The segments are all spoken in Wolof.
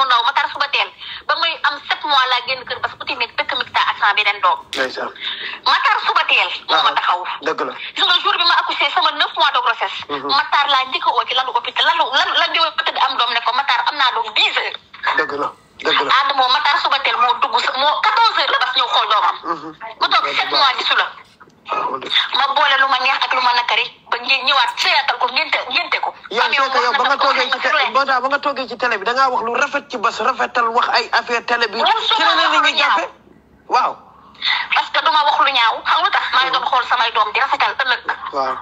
mu ndaw ma tar suba teel ba muy am sept mois laa génn kër parce que uti meeg dëkk mik ta ak sama beneen doom ma tar suba teel moo a ah, taxaw dëgg la gis nga jour bi ma accouché sama neuf mois de grossesse mhm. ma tar laa njëkk a oo ci lalu hôpital lalu am naa doom dix dëgg la dëgg la ànd moo ma suba teel moo dugg moo quatorze heures ñëw xool doomam mhm. mu toog sept mois gisu la ah, ma boole lu ma neex ak lu ma nakari ba ñëwaat Fanta ba nga toogee ci télé bi da ngaa wax lu rafet la lu ñaaw xam lu tax xool samay doom di rafetal ëllëg. waaw.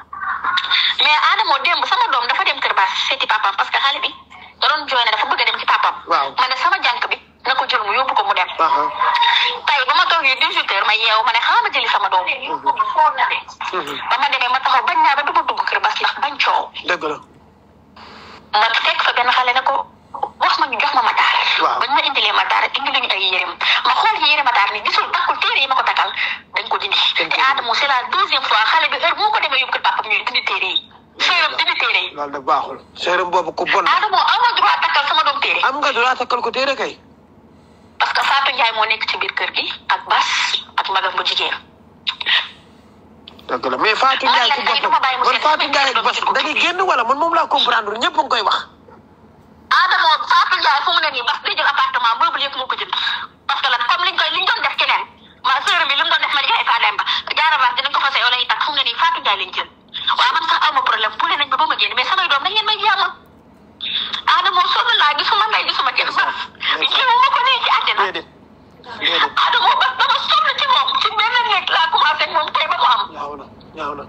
mais Adama démb sama doom dafa dem kër baas seeti papaam parce que xale bi da doon jooy ne dafa bëgg a dem ci papaam. waaw ma bi na ko jël mu yóbbu ko mu dem. Uh-huh. tey ba toogee dix ma yeewu ma ne xaaral ma jëli sama doom. Uh-huh. ba ma demee ma taxaw bañ naa ba duma dugg kër baas ndax bañ coow. dëgg la. benn xale na ko wax ma ñu jox ma mataar. waaw bañ ma indilee mataar indi lañu ay yérem ma xool ci yére mataar ni gisul takkul téere yi ma ko takkal dañ ko dindi. te Adamo c'est la deuxième fois xale bi heure moo ko demee yóbbu kër papam ñooy dindi téere yi. nga droit takkal ko téere kay. parce que Fatou Ndiaye moo nekk ci biir kër gi ak Bas ak magam bu jigéen. dëgg la mais Fatou Ndiaye ci boppam man Fatou Ndiaye ci boppam da ngay génn wala man moom laa comprendre ñëpp a ngi koy wax. Adama Fatou Ndiaye fu mu ne nii ba di jël appartement boobu yëpp moo ko jënd parce que lan comme liñ koy liñ doon def keneen mi li mu doon def ma jaay fa ba jaarabaas dinañ ko fasay wala yi tak fu mu ne nii Fatou Ndiaye lañ jël waaw man sax aw ma problème bu nañ ba ba ma génn mais samay doom dañ leen may jàmm Adama sonn naa gisuma ndey gisuma kenn sax jiwu ma ko nii ci àddina Adama ba ba ma sonn ci moom ci benn nekk laa commencé moom tey ba mu am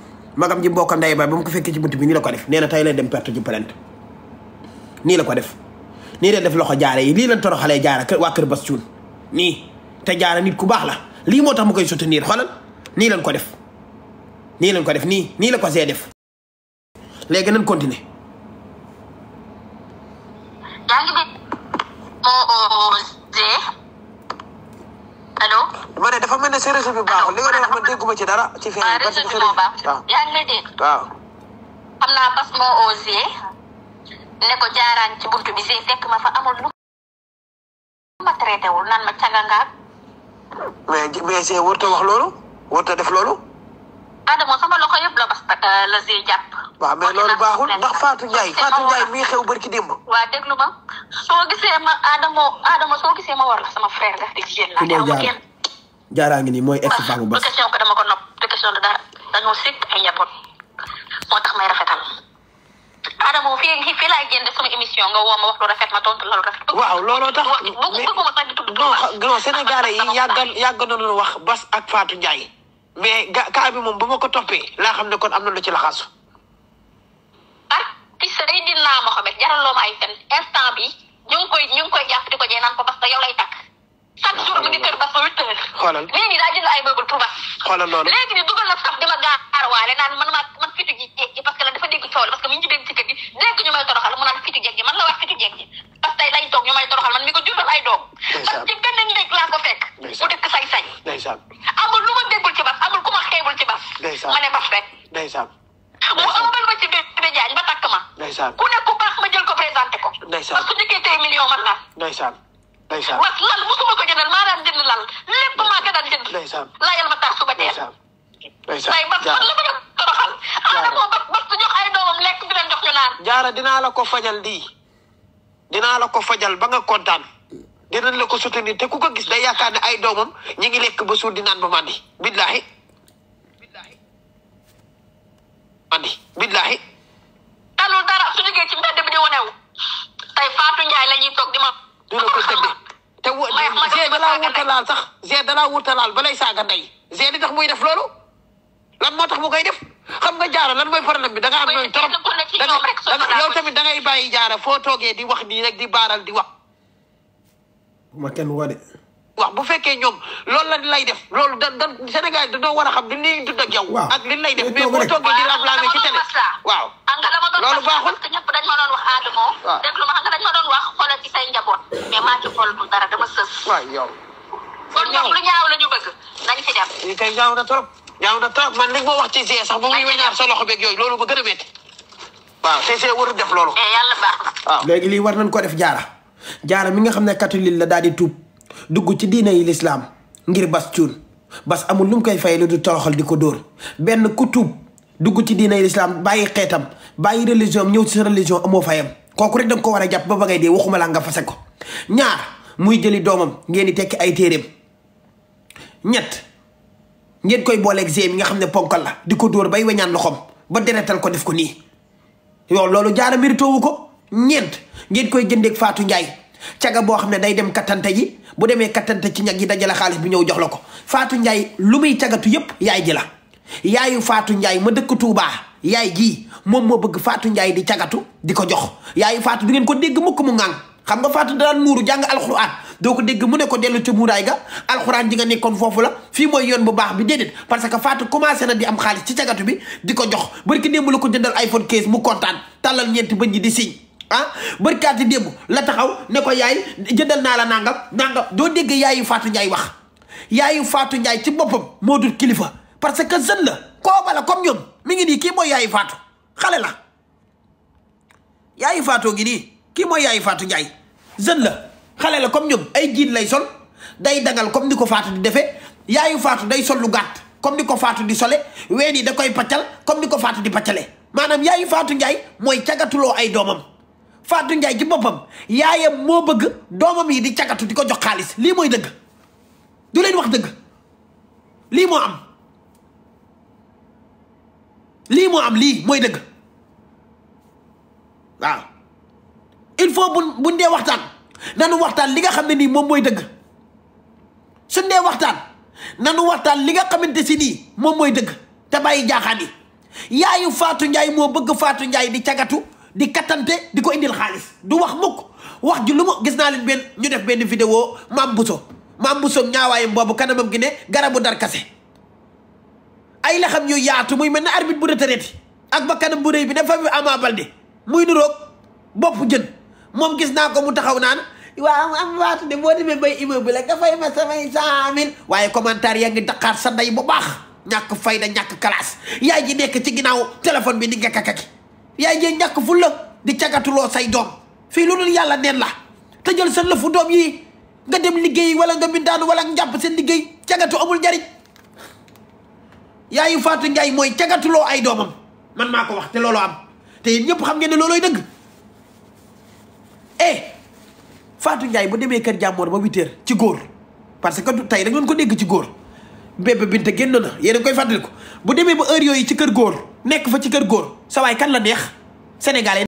magam ji mbokk ndey ba ba mu ko fekkee ci bunt bi nii la ko def nee na tey leen dem perte ju plainte nii la ko def nii leen def loxo jaare yi lii leen toroxalee jaara kër waa kër bas cuun nii te jaara nit ku baax la lii moo tax mu koy soutenir xoolal nii leen ko def nii leen ko def nii nii la ko see def léegi nañ continuer sa réseau bi baaxul li dégguma ci dara. ci fii parce que réseau bi moo waaw. xam naa bas moo osé ne ko jaaraan ci buntu bi see fekk ma fa amul lu ma traité wul naan ma cagangaat. mais mais see warut wax loolu warut def loolu. Adama sama loxo yëpp la bas euh, la see jàpp. waaw loolu baaxul ndax Fatou Ndiaye Fatou Ndiaye mii xew barki démb. waa déglu ma soo gisee ma Adama Adama soo gisee ma war la sama frère nga. dégg ngeen naa jaaraa ngi nii mooy ex femme bu bas. question ko dama moo tax may rafetal. Adama fii fii laay génn sama émission la lu rafet. waaw looloo tax non yi yàggal yàgg nañu wax Bas ak Fatou Ndiaye. mais ga kaa bi moom bu ma ko toppee laa xam ne kon am na lu ci laxaasu. ah piste day dinaa Mohamed jaraloo ma ay fen instant bi ñu koy ñu ngi koy jàpp di ko jee naan ko parce takk. chaque jour mu ngi kër bas ba huit heures. xoolal léegi daa jënd ay meubles pour bas. xoolal loolu léegi nii dugal na di ma gaarawaale naan man maa man fitu ji jeeg ji parce que lan mi ñu dégg ci kër gi dégg may toroxal mu man mi ko jural ay doom. parce que benn néeg laa ko fekk. bu dëkk say-say. ndeysaan amul lu ma déggul ci amul ku ma xeebul ci bas. ndeysaan ma ne bas rek. ndeysaan mu ëmbal ma ci bébé jaañ ba takk ma. ndeysaan ku ne ku baax ma jël ko présenté ko. ndeysaan parce que su ñu ndeysaan man lal musuma ko jëndal maa daan jënd lal lépp maa ko daan jënd. ndeysaan layal ma tax suba teel. ndeysaan tey man la ko doon a jaara ana moo ba ba jox ay doomam lekk di leen jox ñu naan. jaara dinaa la ko fajal di dinaa la ko fajal ba nga kontaan. dinañ la ko soutenir te ku ko gis day yaakaar ne ay doomam ñu ngi lekk ba suur di naan ba mandi billahi mandi billahi talul dara su jógee ci mbedd bi di wanewu tey Fatou Ndiaye la ñuy di ma Zé dalaa wutalaal sax Zé dalaa wutalaal balay saaga ndey Zé li tax muy def loolu lan moo tax mu koy def xam nga jaara lan mooy problème bi da nga am ñooñu trop yow tamit da ngay bàyyi jaara foo toogee di wax nii rek di baaral di wax. ma kenn wane. wax bu fekkee ñoom loolu la lay def loolu da da Sénégal dañoo war a xam li ñuy dund ak ak li lay def mais boo toogee di lablame ci télé. waaw loolu baaxul. ñëpp dañ ma doon wax Adamo. waaw déglu ma xam nga dañ ma waay yow. kon ñoom lu ñaaw la ñu bëgg nañ fi dem. lii kay ñaaw na li wax ci Zia sax ba muy weñaar sa loxo beeg yooyu loolu ba gën a métti. waaw te see warul def loolu. Eh, yàlla léegi lii war nañ koo def jaara jaara mi nga xam ne catholique la daal di tuub dugg ci diine yi lislaam ngir bas cuun bas amul lu mu koy fay lu du toroxal di ko dóor benn ku tuub dugg ci diina yi lislaam bàyyi xeetam bàyyi religion am ñëw ci sa religion amoo fayam kooku rek da ko war a jàpp ba ba ngay dee waxuma la nga fase ko ñaar. muy jëli doomam ngeen di tekki ay téeréem ñett ngeen koy booleeg Zé mi nga xam ne ponkal la di ko dóor bay weñaan loxoom ba deretal ko def ko nii yow loolu jaara méritoowu ko ñeent ngeen koy jëndeek Faatu Njaay caga boo xam ne day dem kattante ji bu demee kattante ci ñag yi dajale xaalis bi ñëw jox la ko Faatu Njaay lu muy cagatu yëpp yaay ji la yaayu Faatu Njaay ma dëkk Tuubaa yaay ji moom moo bëgg Faatu Njaay di cagatu di ko jox yaayu Faatu du ngeen ko dégg mukk mu ŋàng xam nga Fatou daan muuru jàng alxuraan doo ko dégg mu ne ko dellu ca muuraay ga alxuraan ji nga nekkoon foofu la fii mooy yoon bu baax bi déedéet parce que Fatou commencé na di am xaalis ci cagatu bi di ko jox barki démb la ko jëndal iPhone 15 mu kontaan tàllal ñeenti bëñ yi di siñ ah barkaati démb la taxaw ne ko yaay jëndal naa la nangam nangam doo dégg yaayu faatu Ndiaye wax yaayu faatu Ndiaye ci boppam moo dul kilifa parce que jeune la kooba la comme ñoom mi ngi nii kii mooy yaayu Fatou xale la yaayu faatoo ngi nii kii mooy yaayu faatu Ndiaye jeune la xale la comme ñun ay jiin lay sol day dangal comme ni ko Fatou di defee yaayu Fatou day sol lu gàtt comme ni ko Fatou di sole ween yi da koy paccal comme ni ko Fatou di paccale maanaam yaayu Fatou Ndiaye mooy cagatuloo ay doomam faatu Ndiaye ci boppam yaayam moo bëgg doomam yi di cagatu di ko jox xaalis lii mooy dëgg du leen wax dëgg lii moo am lii moo am lii mooy dëgg il faut bu buñ dee waxtaan nanu waxtaan li nga xam ne nii moom mooy dëgg suñ dee waxtaan nanu waxtaan li nga xamante si nii moom mooy dëgg te bàyyi jaaxaan yi yaayu Fatou Ndiaye moo bëgg faatu njaay di cagatu di kattante di ko indil xaalis du wax mukk wax ji lu mu gis naa leen benn ñu def benn vidéo maam Bousso maam Bousso ñaawaayam boobu kanamam gi ne garabu dar kase ay la xam ñu yaatu muy mel ne arbitre bu retraité ak ba kanam bu rëy bi ne fa mu Ama Baldé muy moom gis naa ko mu taxaw naan waa am waatu de moo demee bay immeuble la nga fay ma samay cent waaye commentaire yaa ngi daqaar sa ndey bu baax ñàkk fayda ñàkk classe yaay ji nekk ci ginnaaw téléphone bi di nga kakaki yaay ji ñàkk fulla di cagatuloo say doom fii lu dul yàlla neen la te jël la fu doom yi nga dem liggéey wala nga bindaanu wala njàpp seen liggéey cagatu amul njariñ yaayu Fatou Ndiaye mooy cagatuloo ay doomam man maa ko wax te looloo am te yéen xam ngeen ne loolooy dëgg eh Fatou njaay bu demee kër jàmmoor ba huit heures ci góor parce que tey rek doon ko dégg ci góor bébé Binta génn na yéen a koy fàttaliku bu demee ba heure yooyu ci kër góor nekk fa ci kër góor sa kan la neex sénégalais